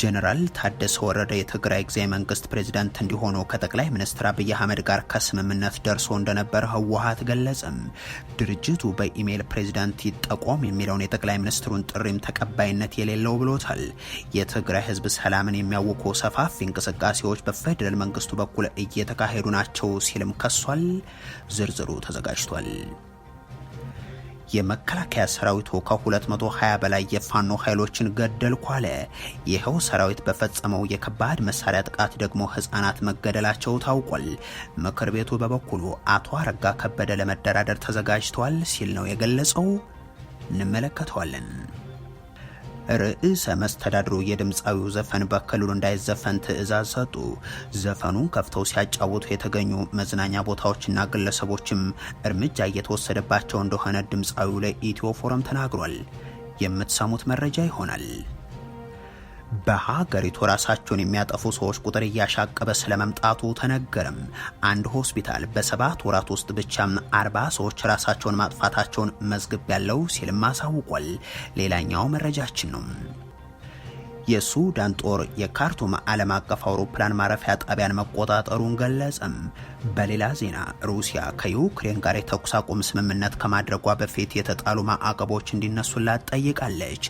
ጀነራል ታደሰ ወረደ የትግራይ ጊዜያዊ መንግስት ፕሬዝዳንት እንዲሆኑ ከጠቅላይ ሚኒስትር አብይ አህመድ ጋር ከስምምነት ደርሶ እንደነበር ህወሀት ገለጸም። ድርጅቱ በኢሜይል ፕሬዝዳንት ይጠቆም የሚለውን የጠቅላይ ሚኒስትሩን ጥሪም ተቀባይነት የሌለው ብሎታል። የትግራይ ህዝብ ሰላምን የሚያውቁ ሰፋፊ እንቅስቃሴዎች በፌደራል መንግስቱ በኩል እየተካሄዱ ናቸው ሲልም ከሷል። ዝርዝሩ ተዘጋጅቷል። የመከላከያ ሰራዊቱ ከ220 በላይ የፋኖ ኃይሎችን ገደልኩ አለ። ይኸው ሰራዊት በፈጸመው የከባድ መሳሪያ ጥቃት ደግሞ ህጻናት መገደላቸው ታውቋል። ምክር ቤቱ በበኩሉ አቶ አረጋ ከበደ ለመደራደር ተዘጋጅተዋል ሲል ነው የገለጸው። እንመለከተዋለን። ርዕሰ መስተዳድሩ የድምፃዊው ዘፈን በክልሉ እንዳይዘፈን ትዕዛዝ ሰጡ። ዘፈኑን ከፍተው ሲያጫወቱ የተገኙ መዝናኛ ቦታዎችና ግለሰቦችም እርምጃ እየተወሰደባቸው እንደሆነ ድምፃዊው ለኢትዮ ፎረም ተናግሯል። የምትሰሙት መረጃ ይሆናል። በሀገሪቱ ራሳቸውን የሚያጠፉ ሰዎች ቁጥር እያሻቀበ ስለመምጣቱ ተነገረም። አንድ ሆስፒታል በሰባት ወራት ውስጥ ብቻም አርባ ሰዎች ራሳቸውን ማጥፋታቸውን መዝግብ ያለው ሲልም አሳውቋል። ሌላኛው መረጃችን ነው። የሱዳን ጦር የካርቱም ዓለም አቀፍ አውሮፕላን ማረፊያ ጣቢያን መቆጣጠሩን ገለጸም። በሌላ ዜና ሩሲያ ከዩክሬን ጋር የተኩስ አቁም ስምምነት ከማድረጓ በፊት የተጣሉ ማዕቀቦች እንዲነሱላት ጠይቃለች።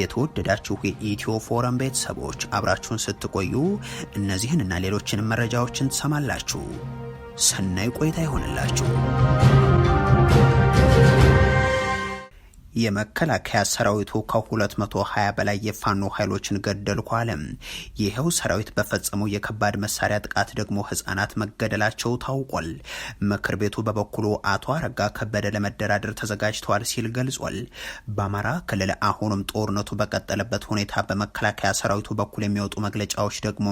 የተወደዳችሁ የኢትዮ ፎረም ቤተሰቦች አብራችሁን ስትቆዩ እነዚህንና ሌሎችን ሌሎችንም መረጃዎችን ትሰማላችሁ። ሰናይ ቆይታ ይሆንላችሁ። የመከላከያ ሰራዊቱ ከ220 በላይ የፋኖ ኃይሎችን ገደልኩ አለ። ይኸው ሰራዊት በፈጸመው የከባድ መሳሪያ ጥቃት ደግሞ ህጻናት መገደላቸው ታውቋል። ምክር ቤቱ በበኩሉ አቶ አረጋ ከበደ ለመደራደር ተዘጋጅተዋል ሲል ገልጿል። በአማራ ክልል አሁንም ጦርነቱ በቀጠለበት ሁኔታ በመከላከያ ሰራዊቱ በኩል የሚወጡ መግለጫዎች ደግሞ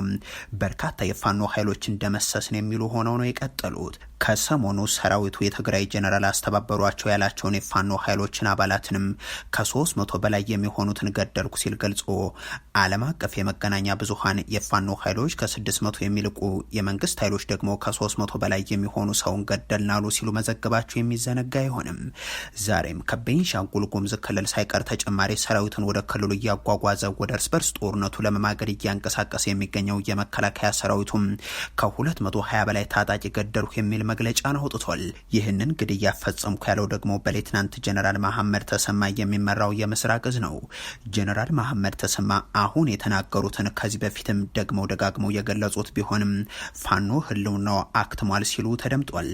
በርካታ የፋኖ ኃይሎች እንደመሰስን የሚሉ ሆነው ነው የቀጠሉት። ከሰሞኑ ሰራዊቱ የትግራይ ጀነራል አስተባበሯቸው ያላቸውን የፋኖ ኃይሎችን አባላትንም ከሶስት መቶ በላይ የሚሆኑትን ገደልኩ ሲል ገልጾ ዓለም አቀፍ የመገናኛ ብዙሀን የፋኖ ኃይሎች ከስድስት መቶ የሚልቁ የመንግስት ኃይሎች ደግሞ ከሶስት መቶ በላይ የሚሆኑ ሰውን ገደልናሉ ሲሉ መዘገባቸው የሚዘነጋ አይሆንም። ዛሬም ከቤንሻንጉል ጉምዝ ክልል ሳይቀር ተጨማሪ ሰራዊትን ወደ ክልሉ እያጓጓዘ ወደ እርስ በርስ ጦርነቱ ለመማገድ እያንቀሳቀሰ የሚገኘው የመከላከያ ሰራዊቱም ከሁለት መቶ ሀያ በላይ ታጣቂ ገደልኩ የሚል መግለጫን አውጥቷል። ይህንን ግድያ ፈጸምኩ ያለው ደግሞ በሌትናንት ጀነራል መሐመድ ተሰማ የሚመራው የምስራቅ እዝ ነው። ጀነራል መሐመድ ተሰማ አሁን የተናገሩትን ከዚህ በፊትም ደግመው ደጋግመው የገለጹት ቢሆንም ፋኖ ህልውናው አክትሟል ሲሉ ተደምጧል።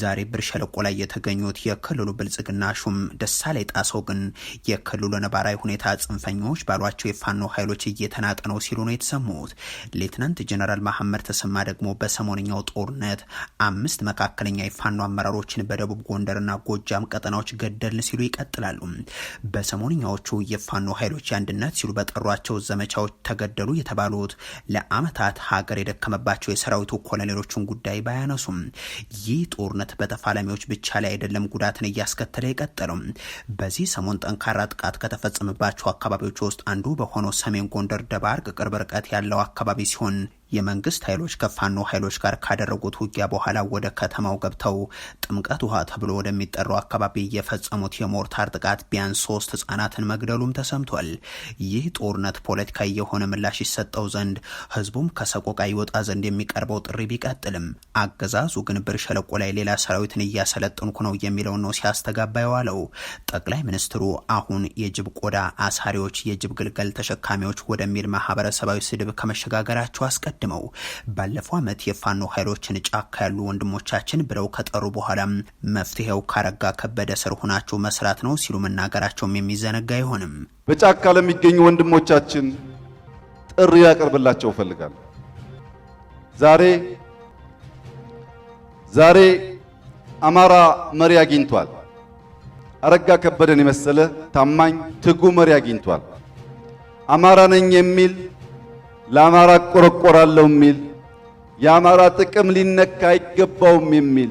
ዛሬ ብር ሸለቆ ላይ የተገኙት የክልሉ ብልጽግና ሹም ደሳለኝ ጣሰው ግን የክልሉ ነባራዊ ሁኔታ ጽንፈኞች ባሏቸው የፋኖ ኃይሎች እየተናጠ ነው ሲሉ ነው የተሰሙት። ሌትናንት ጀነራል መሐመድ ተሰማ ደግሞ በሰሞንኛው ጦርነት አምስት መካከለኛ የፋኖ አመራሮችን በደቡብ ጎንደርና ጎጃም ቀጠናዎች ገደልን ሲሉ ይቀጥላሉ። በሰሞንኛዎቹ የፋኖ ኃይሎች የአንድነት ሲሉ በጠሯቸው ዘመቻዎች ተገደሉ የተባሉት ለአመታት ሀገር የደከመባቸው የሰራዊቱ ኮሎኔሎችን ጉዳይ ባያነሱም ይህ ጦርነት በተፋላሚዎች ብቻ ላይ አይደለም ጉዳትን እያስከተለ የቀጠለው። በዚህ ሰሞን ጠንካራ ጥቃት ከተፈጸመባቸው አካባቢዎች ውስጥ አንዱ በሆነው ሰሜን ጎንደር ደባርቅ ቅርብ ርቀት ያለው አካባቢ ሲሆን የመንግስት ኃይሎች ከፋኖ ኃይሎች ጋር ካደረጉት ውጊያ በኋላ ወደ ከተማው ገብተው ጥምቀት ውሃ ተብሎ ወደሚጠራው አካባቢ የፈጸሙት የሞርታር ጥቃት ቢያንስ ሶስት ህጻናትን መግደሉም ተሰምቷል። ይህ ጦርነት ፖለቲካ የሆነ ምላሽ ይሰጠው ዘንድ ህዝቡም ከሰቆቃ ይወጣ ዘንድ የሚቀርበው ጥሪ ቢቀጥልም አገዛዙ ግን ብር ሸለቆ ላይ ሌላ ሰራዊትን እያሰለጥንኩ ነው የሚለውን ነው ሲያስተጋባ የዋለው። ጠቅላይ ሚኒስትሩ አሁን የጅብ ቆዳ አሳሪዎች፣ የጅብ ግልገል ተሸካሚዎች ወደሚል ማህበረሰባዊ ስድብ ከመሸጋገራቸው አስቀድ አስቀድመው ባለፈው ዓመት የፋኖ ኃይሎችን ጫካ ያሉ ወንድሞቻችን ብለው ከጠሩ በኋላ መፍትሄው ካረጋ ከበደ ስር ሆናችሁ መስራት ነው ሲሉ መናገራቸውም የሚዘነጋ አይሆንም። በጫካ ለሚገኙ ወንድሞቻችን ጥሪ ያቀርብላቸው እፈልጋለሁ። ዛሬ ዛሬ አማራ መሪ አግኝቷል። አረጋ ከበደን የመሰለ ታማኝ ትጉ መሪ አግኝቷል። አማራ ነኝ የሚል ለአማራ እቆረቆራለሁ የሚል የአማራ ጥቅም ሊነካ አይገባውም የሚል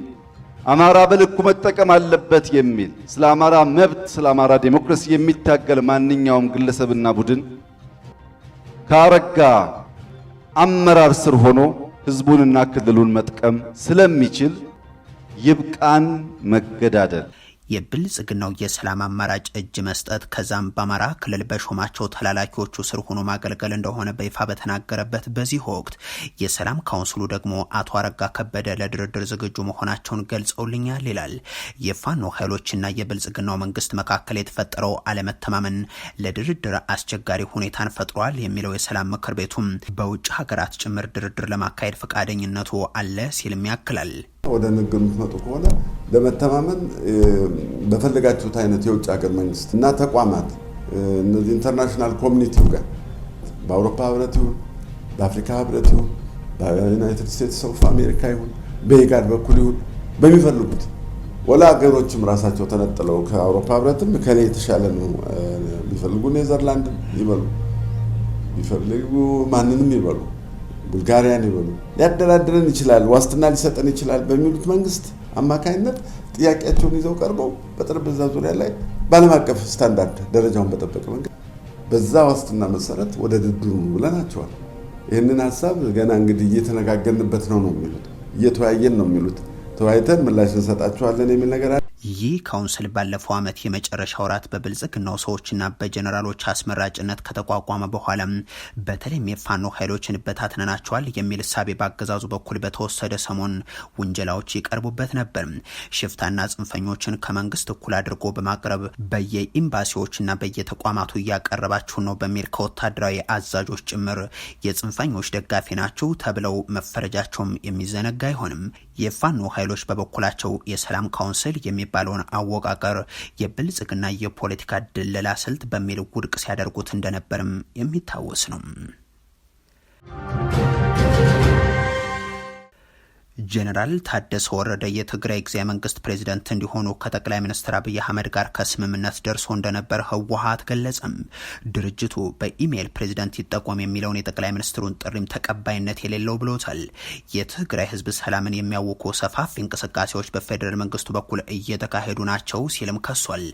አማራ በልኩ መጠቀም አለበት የሚል ስለ አማራ መብት፣ ስለ አማራ ዴሞክራሲ የሚታገል ማንኛውም ግለሰብና ቡድን ካረጋ አመራር ስር ሆኖ ህዝቡንና ክልሉን መጥቀም ስለሚችል ይብቃን መገዳደል። የብልጽግናው የሰላም አማራጭ እጅ መስጠት ከዛም በአማራ ክልል በሾማቸው ተላላኪዎቹ ስር ሆኖ ማገልገል እንደሆነ በይፋ በተናገረበት በዚህ ወቅት የሰላም ካውንስሉ ደግሞ አቶ አረጋ ከበደ ለድርድር ዝግጁ መሆናቸውን ገልጸውልኛል ይላል። የፋኖ ኃይሎችና የብልጽግናው መንግስት መካከል የተፈጠረው አለመተማመን ለድርድር አስቸጋሪ ሁኔታን ፈጥሯል የሚለው የሰላም ምክር ቤቱም በውጭ ሀገራት ጭምር ድርድር ለማካሄድ ፈቃደኝነቱ አለ ሲልም ያክላል። ወደ ንግድ የምትመጡ ከሆነ ለመተማመን በፈለጋችሁት አይነት የውጭ ሀገር መንግስት እና ተቋማት እነዚህ ኢንተርናሽናል ኮሚኒቲው ጋር በአውሮፓ ህብረት ይሁን በአፍሪካ ህብረት ይሁን በዩናይትድ ስቴትስ ኦፍ አሜሪካ ይሁን በኢጋድ በኩል ይሁን በሚፈልጉት ወላ ሀገሮችም ራሳቸው ተነጥለው ከአውሮፓ ህብረትም ከኔ የተሻለ ነው የሚፈልጉ ኔዘርላንድን ይበሉ፣ ቢፈልጉ ማንንም ይበሉ ቡልጋሪያን ይበሉ ሊያደራድረን ይችላል፣ ዋስትና ሊሰጠን ይችላል በሚሉት መንግስት አማካኝነት ጥያቄያቸውን ይዘው ቀርበው በጠረጴዛ ዙሪያ ላይ በዓለም አቀፍ ስታንዳርድ ደረጃውን በጠበቀ መንገድ በዛ ዋስትና መሰረት ወደ ድርድሩ ብለናቸዋል። ይህንን ሀሳብ ገና እንግዲህ እየተነጋገንበት ነው ነው የሚሉት እየተወያየን ነው የሚሉት ተወያይተን ምላሽ እንሰጣቸዋለን የሚል ነገር ይህ ካውንስል ባለፈው ዓመት የመጨረሻ ወራት በብልጽግናው ሰዎችና በጀኔራሎች አስመራጭነት ከተቋቋመ በኋላ በተለይም የፋኖ ኃይሎችን በታትነናቸዋል የሚል እሳቤ በአገዛዙ በኩል በተወሰደ ሰሞን ውንጀላዎች ይቀርቡበት ነበር። ሽፍታና ጽንፈኞችን ከመንግስት እኩል አድርጎ በማቅረብ በየኤምባሲዎችና በየተቋማቱ እያቀረባችሁ ነው በሚል ከወታደራዊ አዛዦች ጭምር የጽንፈኞች ደጋፊ ናቸው ተብለው መፈረጃቸውም የሚዘነጋ አይሆንም። የፋኖ ኃይሎች በበኩላቸው የሰላም ካውንስል የሚባለውን አወቃቀር የብልጽግና የፖለቲካ ድለላ ስልት በሚል ውድቅ ሲያደርጉት እንደነበርም የሚታወስ ነው። ጀነራል ታደሰ ወረደ የትግራይ ጊዜያዊ መንግስት ፕሬዚደንት እንዲሆኑ ከጠቅላይ ሚኒስትር አብይ አህመድ ጋር ከስምምነት ደርሶ እንደነበር ህወሀት ገለጸም። ድርጅቱ በኢሜይል ፕሬዚደንት ይጠቆም የሚለውን የጠቅላይ ሚኒስትሩን ጥሪም ተቀባይነት የሌለው ብሎታል። የትግራይ ህዝብ ሰላምን የሚያውኩ ሰፋፊ እንቅስቃሴዎች በፌዴራል መንግስቱ በኩል እየተካሄዱ ናቸው ሲልም ከሷል።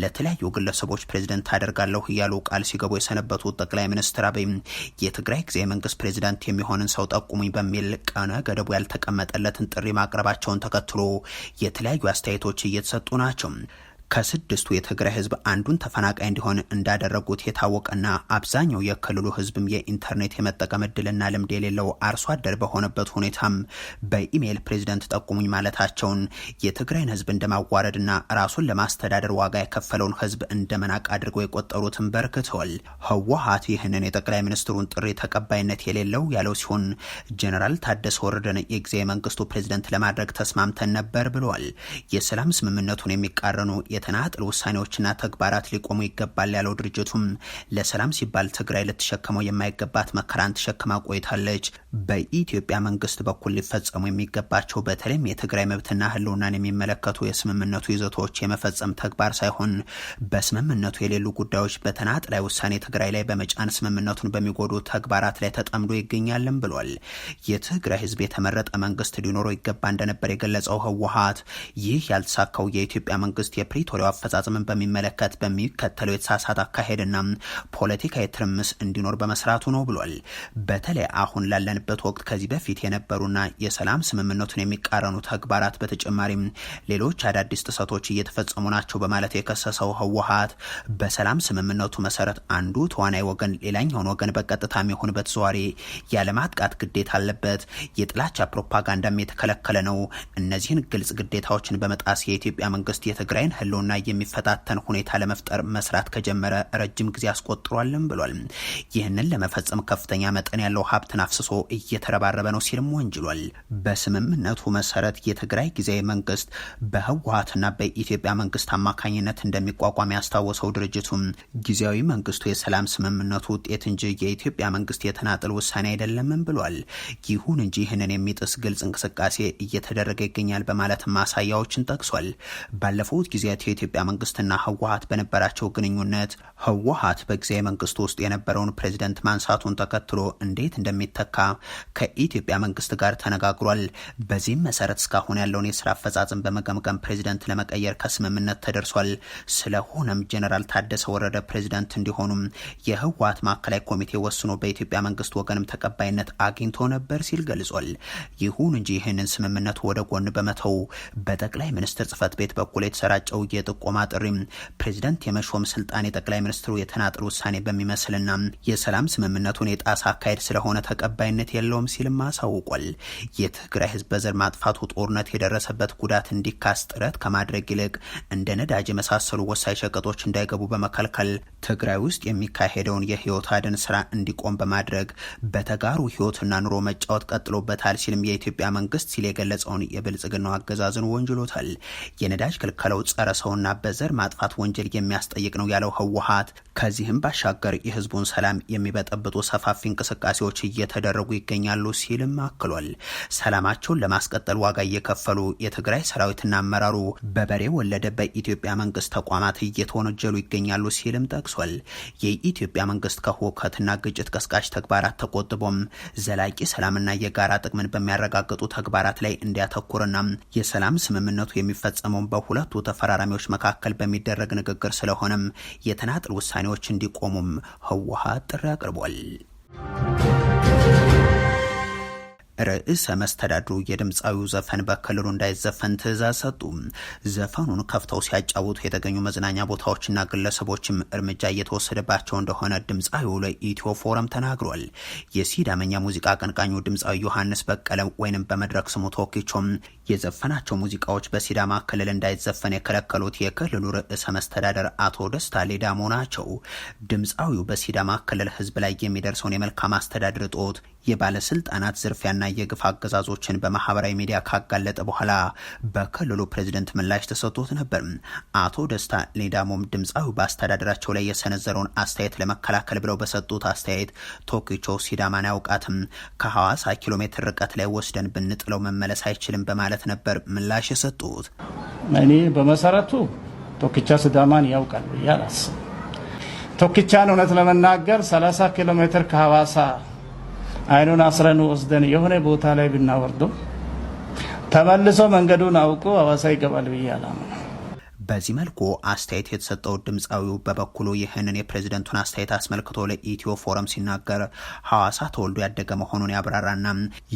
ለተለያዩ ግለሰቦች ፕሬዚደንት አደርጋለሁ እያሉ ቃል ሲገቡ የሰነበቱ ጠቅላይ ሚኒስትር አብይ የትግራይ ጊዜያዊ መንግስት ፕሬዚደንት የሚሆንን ሰው ጠቁሙኝ በሚል ቀነ ገደቡ ያልተቀመጠ የተቀመጠለትን ጥሪ ማቅረባቸውን ተከትሎ የተለያዩ አስተያየቶች እየተሰጡ ናቸው። ከስድስቱ የትግራይ ህዝብ አንዱን ተፈናቃይ እንዲሆን እንዳደረጉት የታወቀና አብዛኛው የክልሉ ህዝብም የኢንተርኔት የመጠቀም እድልና ልምድ የሌለው አርሶ አደር በሆነበት ሁኔታም በኢሜይል ፕሬዚደንት ጠቁሙኝ ማለታቸውን የትግራይን ህዝብ እንደማዋረድና ራሱን ለማስተዳደር ዋጋ የከፈለውን ህዝብ እንደመናቅ አድርገው የቆጠሩትን በርክተዋል። ህወሀት ይህንን የጠቅላይ ሚኒስትሩን ጥሪ ተቀባይነት የሌለው ያለው ሲሆን ጀኔራል ታደሰ ወረደን የጊዜያዊ መንግስቱ ፕሬዚደንት ለማድረግ ተስማምተን ነበር ብለዋል። የሰላም ስምምነቱን የሚቃረኑ የተናጥል ውሳኔዎችና ተግባራት ሊቆሙ ይገባል ያለው ድርጅቱም ለሰላም ሲባል ትግራይ ልትሸከመው የማይገባት መከራን ትሸክማ ቆይታለች። በኢትዮጵያ መንግስት በኩል ሊፈጸሙ የሚገባቸው በተለይም የትግራይ መብትና ህልውናን የሚመለከቱ የስምምነቱ ይዘቶች የመፈጸም ተግባር ሳይሆን በስምምነቱ የሌሉ ጉዳዮች ላይ ውሳኔ ትግራይ ላይ በመጫን ስምምነቱን በሚጎዱ ተግባራት ላይ ተጠምዶ ይገኛልም ብሏል። የትግራይ ህዝብ የተመረጠ መንግስት ሊኖረው ይገባ እንደነበር የገለጸው ህወሀት ይህ ያልተሳካው የኢትዮጵያ መንግስት የፕሪ የኢንventory አፈጻጸምን በሚመለከት በሚከተለው የተሳሳተ አካሄድና ፖለቲካዊ ትርምስ እንዲኖር በመስራቱ ነው ብሏል። በተለይ አሁን ላለንበት ወቅት ከዚህ በፊት የነበሩና የሰላም ስምምነቱን የሚቃረኑ ተግባራት በተጨማሪም ሌሎች አዳዲስ ጥሰቶች እየተፈጸሙ ናቸው በማለት የከሰሰው ህወሀት በሰላም ስምምነቱ መሰረት አንዱ ተዋናይ ወገን ሌላኛውን ወገን በቀጥታ የሚሆን በተዘዋዋሪ ያለማጥቃት ግዴታ አለበት። የጥላቻ ፕሮፓጋንዳም የተከለከለ ነው። እነዚህን ግልጽ ግዴታዎችን በመጣስ የኢትዮጵያ መንግስት የትግራይን ህልው ያለውና የሚፈታተን ሁኔታ ለመፍጠር መስራት ከጀመረ ረጅም ጊዜ አስቆጥሯልም ብሏል። ይህንን ለመፈጸም ከፍተኛ መጠን ያለው ሀብትን አፍስሶ እየተረባረበ ነው ሲልም ወንጅሏል። በስምምነቱ መሰረት የትግራይ ጊዜያዊ መንግስት በህወሀትና በኢትዮጵያ መንግስት አማካኝነት እንደሚቋቋም ያስታወሰው ድርጅቱም ጊዜያዊ መንግስቱ የሰላም ስምምነቱ ውጤት እንጂ የኢትዮጵያ መንግስት የተናጥል ውሳኔ አይደለምም ብሏል። ይሁን እንጂ ይህንን የሚጥስ ግልጽ እንቅስቃሴ እየተደረገ ይገኛል በማለት ማሳያዎችን ጠቅሷል። ባለፉት ጊዜያት የኢትዮጵያ መንግስትና ህወሀት በነበራቸው ግንኙነት ህወሀት በጊዜያዊ መንግስት ውስጥ የነበረውን ፕሬዚደንት ማንሳቱን ተከትሎ እንዴት እንደሚተካ ከኢትዮጵያ መንግስት ጋር ተነጋግሯል። በዚህም መሰረት እስካሁን ያለውን የስራ አፈጻጽም በመገምገም ፕሬዚደንት ለመቀየር ከስምምነት ተደርሷል። ስለሆነም ጀኔራል ታደሰ ወረደ ፕሬዚደንት እንዲሆኑም የህወሀት ማዕከላዊ ኮሚቴ ወስኖ በኢትዮጵያ መንግስት ወገንም ተቀባይነት አግኝቶ ነበር ሲል ገልጿል። ይሁን እንጂ ይህንን ስምምነት ወደ ጎን በመተው በጠቅላይ ሚኒስትር ጽህፈት ቤት በኩል የተሰራጨው የጥቆማ ጥሪ ፕሬዚደንት የመሾም ስልጣን የጠቅላይ ሚኒስትሩ የተናጥል ውሳኔ በሚመስልና የሰላም ስምምነቱን የጣሳ አካሄድ ስለሆነ ተቀባይነት የለውም ሲልም አሳውቋል። የትግራይ ህዝብ በዘር ማጥፋቱ ጦርነት የደረሰበት ጉዳት እንዲካስ ጥረት ከማድረግ ይልቅ እንደ ነዳጅ የመሳሰሉ ወሳኝ ሸቀጦች እንዳይገቡ በመከልከል ትግራይ ውስጥ የሚካሄደውን የህይወት አድን ስራ እንዲቆም በማድረግ በተጋሩ ህይወትና ኑሮ መጫወት ቀጥሎበታል ሲልም የኢትዮጵያ መንግስት ሲል የገለጸውን የብልጽግናው አገዛዝን ወንጅሎታል። የነዳጅ ክልከለው ጸረ በሰውና በዘር ማጥፋት ወንጀል የሚያስጠይቅ ነው ያለው ህወሀት ከዚህም ባሻገር የህዝቡን ሰላም የሚበጠብጡ ሰፋፊ እንቅስቃሴዎች እየተደረጉ ይገኛሉ ሲልም አክሏል። ሰላማቸውን ለማስቀጠል ዋጋ እየከፈሉ የትግራይ ሰራዊትና አመራሩ በበሬ ወለደ በኢትዮጵያ መንግስት ተቋማት እየተወነጀሉ ይገኛሉ ሲልም ጠቅሷል። የኢትዮጵያ መንግስት ከሁከትና ግጭት ቀስቃሽ ተግባራት ተቆጥቦም ዘላቂ ሰላምና የጋራ ጥቅምን በሚያረጋግጡ ተግባራት ላይ እንዲያተኩርና የሰላም ስምምነቱ የሚፈጸመውን በሁለቱ ተፈራራሚ ተፋላሚዎች መካከል በሚደረግ ንግግር ስለሆነም የተናጥል ውሳኔዎች እንዲቆሙም ህወሓት ጥሪ አቅርቧል። ርዕሰ መስተዳድሩ የድምፃዊው ዘፈን በክልሉ እንዳይዘፈን ትዕዛዝ ሰጡ። ዘፈኑን ከፍተው ሲያጫውቱ የተገኙ መዝናኛ ቦታዎችና ግለሰቦችም እርምጃ እየተወሰደባቸው እንደሆነ ድምፃዊው ለኢትዮ ፎረም ተናግሯል። የሲዳመኛ ሙዚቃ አቀንቃኙ ድምፃዊ ዮሐንስ በቀለ ወይንም በመድረክ ስሙ ተወኪቾም የዘፈናቸው ሙዚቃዎች በሲዳማ ክልል እንዳይዘፈን የከለከሉት የክልሉ ርዕሰ መስተዳደር አቶ ደስታ ሌዳሞ ናቸው። ድምፃዊው በሲዳማ ክልል ህዝብ ላይ የሚደርሰውን የመልካም አስተዳደር ጦት፣ የባለስልጣናት ዝርፊያና የግፍ አገዛዞችን በማህበራዊ ሚዲያ ካጋለጠ በኋላ በክልሉ ፕሬዚደንት ምላሽ ተሰጥቶት ነበር። አቶ ደስታ ሌዳሞም ድምፃዊ በአስተዳደራቸው ላይ የሰነዘረውን አስተያየት ለመከላከል ብለው በሰጡት አስተያየት ቶኪቾ ሲዳማን አያውቃትም፣ ከሐዋሳ ኪሎ ሜትር ርቀት ላይ ወስደን ብንጥለው መመለስ አይችልም በማለት ነበር ምላሽ የሰጡት። እኔ በመሰረቱ ቶኪቻ ሲዳማን ያውቃል ብዬ አላስብም። ቶኪቻን እውነት ለመናገር 30 ኪሎ ሜትር ከሐዋሳ አይኑን አስረን ወስደን የሆነ ቦታ ላይ ብናወርደው ተመልሶ መንገዱን አውቆ አዋሳ ይገባል ብዬ አላምነው። በዚህ መልኩ አስተያየት የተሰጠው ድምፃዊው በበኩሉ ይህንን የፕሬዝደንቱን አስተያየት አስመልክቶ ለኢትዮ ፎረም ሲናገር ሐዋሳ ተወልዶ ያደገ መሆኑን ያብራራና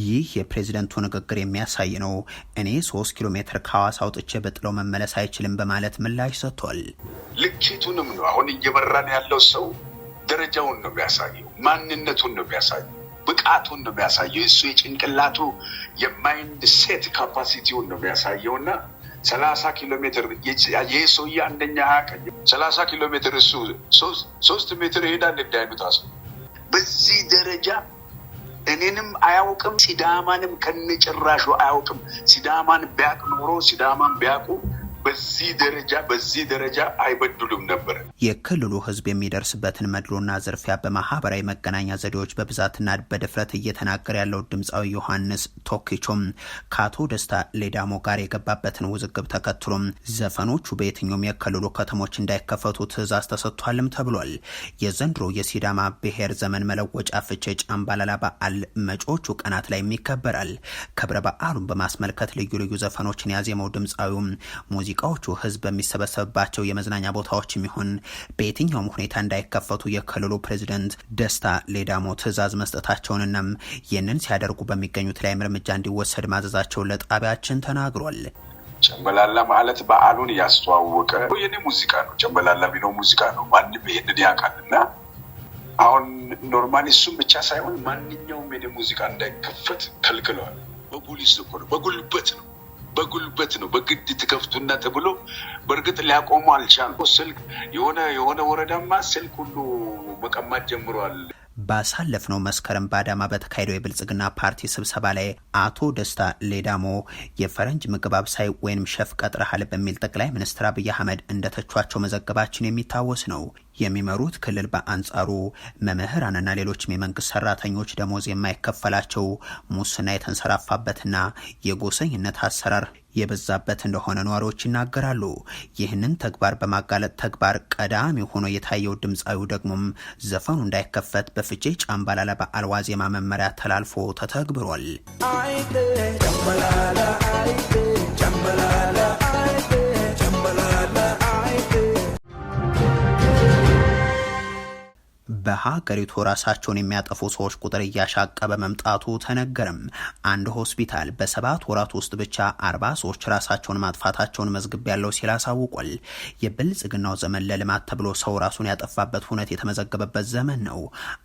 ይህ የፕሬዝደንቱ ንግግር የሚያሳይ ነው፣ እኔ ሶስት ኪሎ ሜትር ከሐዋሳ ውጥቼ በጥለው መመለስ አይችልም በማለት ምላሽ ሰጥቷል። ልኬቱንም ነው አሁን እየመራን ያለው ሰው ደረጃውን ነው የሚያሳየው፣ ማንነቱን ነው የሚያሳየው ብቃቱን ነው የሚያሳየው። እሱ የጭንቅላቱ የማይንድ ሴት ካፓሲቲውን ነው የሚያሳየው እና ሰላሳ ኪሎ ሜትር ይህ ሰውዬ አንደኛ ቀኝ ሰላሳ ኪሎ ሜትር እሱ ሶስት ሜትር ይሄዳል እንዳይሉት አስ በዚህ ደረጃ እኔንም አያውቅም፣ ሲዳማንም ከነጭራሹ አያውቅም። ሲዳማን ቢያቅ ኖሮ ሲዳማን ቢያውቁ በዚህ ደረጃ በዚህ ደረጃ አይበድሉም ነበር። የክልሉ ህዝብ የሚደርስበትን መድሎና ዝርፊያ በማህበራዊ መገናኛ ዘዴዎች በብዛትና በድፍረት እየተናገረ ያለው ድምፃዊ ዮሐንስ ቶኪቾም ከአቶ ደስታ ሌዳሞ ጋር የገባበትን ውዝግብ ተከትሎም ዘፈኖቹ በየትኛውም የክልሉ ከተሞች እንዳይከፈቱ ትዕዛዝ ተሰጥቷልም ተብሏል። የዘንድሮ የሲዳማ ብሔር ዘመን መለወጫ ፍቼ ጫምባላላ በዓል መጪዎቹ ቀናት ላይ ይከበራል። ክብረ በዓሉን በማስመልከት ልዩ ልዩ ዘፈኖችን ያዜመው ድምፃዊውም ሙዚቃዎቹ ህዝብ በሚሰበሰብባቸው የመዝናኛ ቦታዎች የሚሆን በየትኛውም ሁኔታ እንዳይከፈቱ የክልሉ ፕሬዚደንት ደስታ ሌዳሞ ትዕዛዝ መስጠታቸውንናም ይህንን ሲያደርጉ በሚገኙት ላይም እርምጃ እንዲወሰድ ማዘዛቸውን ለጣቢያችን ተናግሯል። ጨምበላላ ማለት በዓሉን እያስተዋወቀ የኔ ሙዚቃ ነው። ጨምበላላ የሚለው ሙዚቃ ነው። ማንም ይህንን ያውቃል እና አሁን ኖርማሊ እሱም ብቻ ሳይሆን ማንኛውም የኔ ሙዚቃ እንዳይከፈት ከልክለዋል። በፖሊስ እኮ ነው፣ በጉልበት ነው በጉልበት ነው በግድ ትከፍቱና ተብሎ በእርግጥ ሊያቆሙ አልቻሉ። ስልክ የሆነ የሆነ ወረዳማ ስልክ ሁሉ መቀማት ጀምረዋል። ባሳለፍነው መስከረም በአዳማ በተካሄደው የብልጽግና ፓርቲ ስብሰባ ላይ አቶ ደስታ ሌዳሞ የፈረንጅ ምግብ አብሳይ ወይም ሸፍ ቀጥረሃል በሚል ጠቅላይ ሚኒስትር አብይ አህመድ እንደተቿቸው መዘገባችን የሚታወስ ነው። የሚመሩት ክልል በአንጻሩ መምህራንና ሌሎችም የመንግስት ሰራተኞች ደሞዝ የማይከፈላቸው ሙስና የተንሰራፋበትና የጎሰኝነት አሰራር የበዛበት እንደሆነ ነዋሪዎች ይናገራሉ። ይህንን ተግባር በማጋለጥ ተግባር ቀዳሚ ሆኖ የታየው ድምፃዊው ደግሞም ዘፈኑ እንዳይከፈት በፍቼ ጫምባላላ ለበዓል ዋዜማ መመሪያ ተላልፎ ተተግብሯል። በሀገሪቱ ራሳቸውን የሚያጠፉ ሰዎች ቁጥር እያሻቀ በመምጣቱ ተነገርም። አንድ ሆስፒታል በሰባት ወራት ውስጥ ብቻ አርባ ሰዎች ራሳቸውን ማጥፋታቸውን መዝግብ ያለው ሲል አሳውቋል። የብልጽግናው ዘመን ለልማት ተብሎ ሰው ራሱን ያጠፋበት ሁነት የተመዘገበበት ዘመን ነው።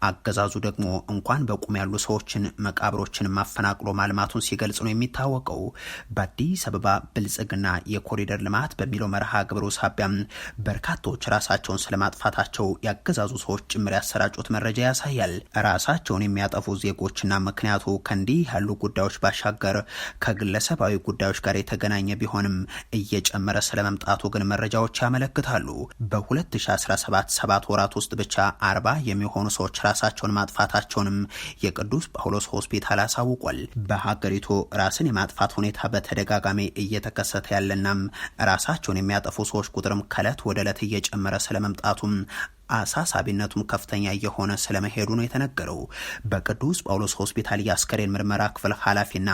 አገዛዙ ደግሞ እንኳን በቁም ያሉ ሰዎችን መቃብሮችን ማፈናቅሎ ማልማቱን ሲገልጽ ነው የሚታወቀው። በአዲስ አበባ ብልጽግና የኮሪደር ልማት በሚለው መርሃ ግብሩ ሳቢያም በርካቶች ራሳቸውን ስለማጥፋታቸው ያገዛዙ ሰዎች ጭምር ያሰራጩት መረጃ ያሳያል። ራሳቸውን የሚያጠፉ ዜጎችና ምክንያቱ ከእንዲህ ያሉ ጉዳዮች ባሻገር ከግለሰባዊ ጉዳዮች ጋር የተገናኘ ቢሆንም እየጨመረ ስለመምጣቱ ግን መረጃዎች ያመለክታሉ። በ2017 ሰባት ወራት ውስጥ ብቻ አርባ የሚሆኑ ሰዎች ራሳቸውን ማጥፋታቸውንም የቅዱስ ጳውሎስ ሆስፒታል አሳውቋል። በሀገሪቱ ራስን የማጥፋት ሁኔታ በተደጋጋሚ እየተከሰተ ያለናም ራሳቸውን የሚያጠፉ ሰዎች ቁጥርም ከእለት ወደ እለት እየጨመረ ስለመምጣቱም አሳሳቢነቱም ከፍተኛ እየሆነ ስለመሄዱ ነው የተነገረው። በቅዱስ ጳውሎስ ሆስፒታል የአስከሬን ምርመራ ክፍል ኃላፊና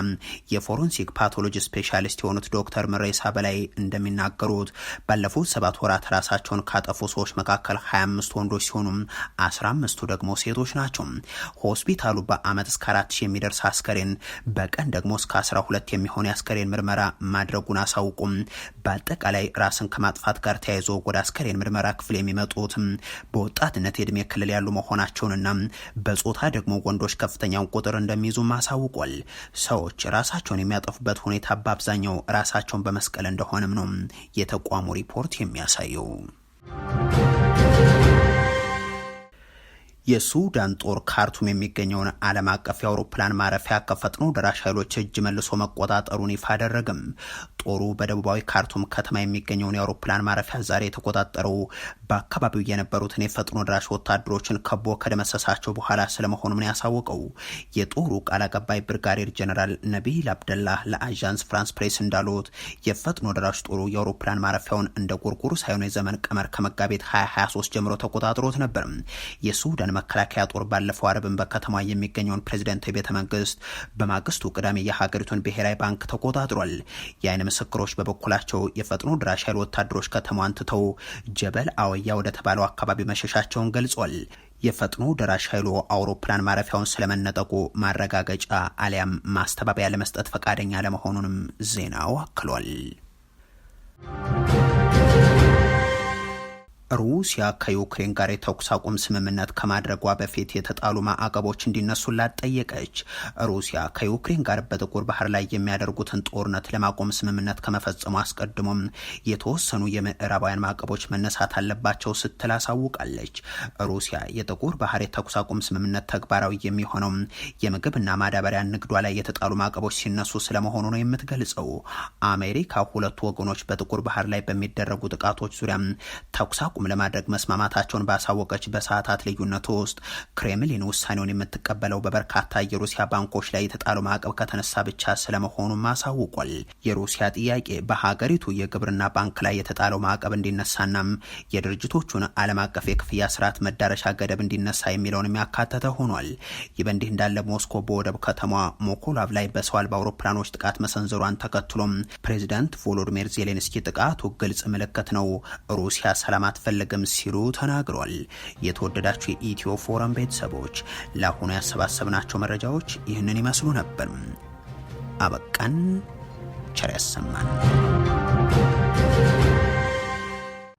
የፎረንሲክ ፓቶሎጂ ስፔሻሊስት የሆኑት ዶክተር ምሬሳ በላይ እንደሚናገሩት ባለፉት ሰባት ወራት ራሳቸውን ካጠፉ ሰዎች መካከል 25 ወንዶች ሲሆኑ 15ቱ ደግሞ ሴቶች ናቸው። ሆስፒታሉ በአመት እስከ 4 ሺህ የሚደርስ አስከሬን በቀን ደግሞ እስከ 12 የሚሆን የአስከሬን ምርመራ ማድረጉን አሳውቁም። በአጠቃላይ ራስን ከማጥፋት ጋር ተያይዞ ወደ አስከሬን ምርመራ ክፍል የሚመጡት በወጣትነት የእድሜ ክልል ያሉ መሆናቸውንና በጾታ ደግሞ ወንዶች ከፍተኛውን ቁጥር እንደሚይዙ አሳውቋል። ሰዎች ራሳቸውን የሚያጠፉበት ሁኔታ በአብዛኛው ራሳቸውን በመስቀል እንደሆነም ነው የተቋሙ ሪፖርት የሚያሳየው። የሱዳን ጦር ካርቱም የሚገኘውን ዓለም አቀፍ የአውሮፕላን ማረፊያ ከፈጥኖ ደራሽ ኃይሎች እጅ መልሶ መቆጣጠሩን ይፋ አደረግም። ጦሩ በደቡባዊ ካርቱም ከተማ የሚገኘውን የአውሮፕላን ማረፊያ ዛሬ የተቆጣጠረው በአካባቢው የነበሩትን የፈጥኖ ደራሽ ወታደሮችን ከቦ ከደመሰሳቸው በኋላ ስለመሆኑን ያሳወቀው የጦሩ ቃል አቀባይ ብርጋዴር ጀነራል ነቢል አብደላህ ለአዣንስ ፍራንስ ፕሬስ እንዳሉት የፈጥኖ ደራሽ ጦሩ የአውሮፕላን ማረፊያውን እንደ ጎርጎር ሳይሆን የዘመን ቀመር ከመጋቤት 2023 ጀምሮ ተቆጣጥሮት ነበር። የሱዳን የጀርመን መከላከያ ጦር ባለፈው አረብን በከተማ የሚገኘውን ፕሬዚደንታዊ ቤተ መንግስት በማግስቱ ቅዳሜ የሀገሪቱን ብሔራዊ ባንክ ተቆጣጥሯል። የአይን ምስክሮች በበኩላቸው የፈጥኖ ድራሽ ኃይል ወታደሮች ከተማዋን ትተው ጀበል አወያ ወደ ተባለው አካባቢ መሸሻቸውን ገልጿል። የፈጥኖ ደራሽ ኃይሉ አውሮፕላን ማረፊያውን ስለመነጠቁ ማረጋገጫ አሊያም ማስተባበያ ለመስጠት ፈቃደኛ ለመሆኑንም ዜናው አክሏል። ሩሲያ ከዩክሬን ጋር የተኩስ አቁም ስምምነት ከማድረጓ በፊት የተጣሉ ማዕቀቦች እንዲነሱላት ጠየቀች። ሩሲያ ከዩክሬን ጋር በጥቁር ባህር ላይ የሚያደርጉትን ጦርነት ለማቆም ስምምነት ከመፈጸሙ አስቀድሞም የተወሰኑ የምዕራባውያን ማዕቀቦች መነሳት አለባቸው ስትል አሳውቃለች። ሩሲያ የጥቁር ባህር የተኩስ አቁም ስምምነት ተግባራዊ የሚሆነው የምግብና ማዳበሪያ ንግዷ ላይ የተጣሉ ማዕቀቦች ሲነሱ ስለመሆኑ ነው የምትገልጸው። አሜሪካ ሁለቱ ወገኖች በጥቁር ባህር ላይ በሚደረጉ ጥቃቶች ዙሪያ ተኩስ አቁም እንዲቆም ለማድረግ መስማማታቸውን ባሳወቀች በሰዓታት ልዩነት ውስጥ ክሬምሊን ውሳኔውን የምትቀበለው በበርካታ የሩሲያ ባንኮች ላይ የተጣሉ ማዕቀብ ከተነሳ ብቻ ስለመሆኑም አሳውቋል። የሩሲያ ጥያቄ በሀገሪቱ የግብርና ባንክ ላይ የተጣለው ማዕቀብ እንዲነሳናም የድርጅቶቹን ዓለም አቀፍ የክፍያ ስርዓት መዳረሻ ገደብ እንዲነሳ የሚለውን የሚያካተተ ሆኗል። ይህ በእንዲህ እንዳለ ሞስኮ በወደብ ከተማ ሞኮላቭ ላይ በሰው አልባ አውሮፕላኖች ጥቃት መሰንዘሯን ተከትሎም ፕሬዚዳንት ቮሎዲሚር ዜሌንስኪ ጥቃቱ ግልጽ ምልክት ነው፣ ሩሲያ ሰላም አትፈልግም አልፈለገም ሲሉ ተናግሯል። የተወደዳችሁ የኢትዮ ፎረም ቤተሰቦች ለአሁኑ ያሰባሰብናቸው መረጃዎች ይህንን ይመስሉ ነበር። አበቃን። ቸር ያሰማን።